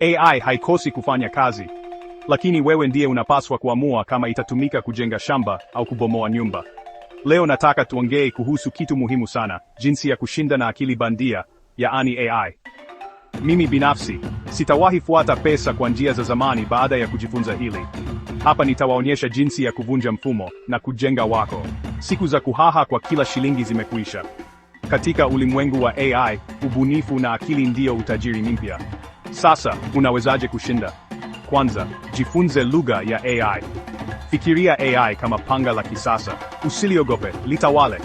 AI haikosi kufanya kazi, lakini wewe ndiye unapaswa kuamua kama itatumika kujenga shamba au kubomoa nyumba. Leo nataka tuongee kuhusu kitu muhimu sana, jinsi ya kushinda na akili bandia, yaani AI. Mimi binafsi sitawahi fuata pesa kwa njia za zamani baada ya kujifunza hili. Hapa nitawaonyesha jinsi ya kuvunja mfumo na kujenga wako. Siku za kuhaha kwa kila shilingi zimekuisha. Katika ulimwengu wa AI, ubunifu na akili ndiyo utajiri mpya. Sasa unawezaje kushinda? Kwanza, jifunze lugha ya AI. Fikiria AI kama panga la kisasa. Usiliogope, litawale.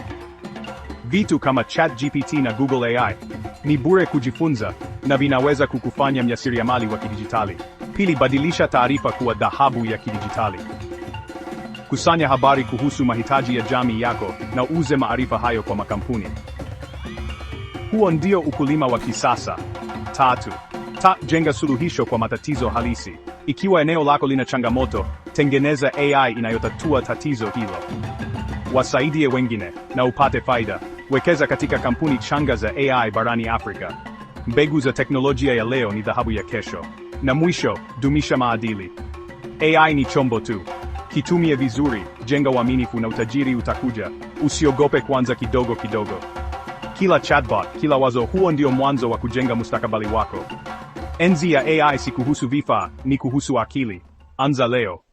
Vitu kama ChatGPT na Google AI ni bure kujifunza na vinaweza kukufanya mjasiriamali wa kidijitali. Pili, badilisha taarifa kuwa dhahabu ya kidijitali. Kusanya habari kuhusu mahitaji ya jamii yako na uuze maarifa hayo kwa makampuni. Huo ndio ukulima wa kisasa. Tatu, Ta, jenga suluhisho kwa matatizo halisi. Ikiwa eneo lako lina changamoto, tengeneza AI inayotatua tatizo hilo. Wasaidie wengine na upate faida. Wekeza katika kampuni changa za AI barani Afrika. Mbegu za teknolojia ya leo ni dhahabu ya kesho. Na mwisho, dumisha maadili. AI ni chombo tu, kitumie vizuri, jenga uaminifu na utajiri utakuja. Usiogope kuanza kidogo kidogo. Kila chatbot, kila wazo, huo ndio mwanzo wa kujenga mustakabali wako. Enzi ya AI si kuhusu vifaa, ni kuhusu akili. Anza leo.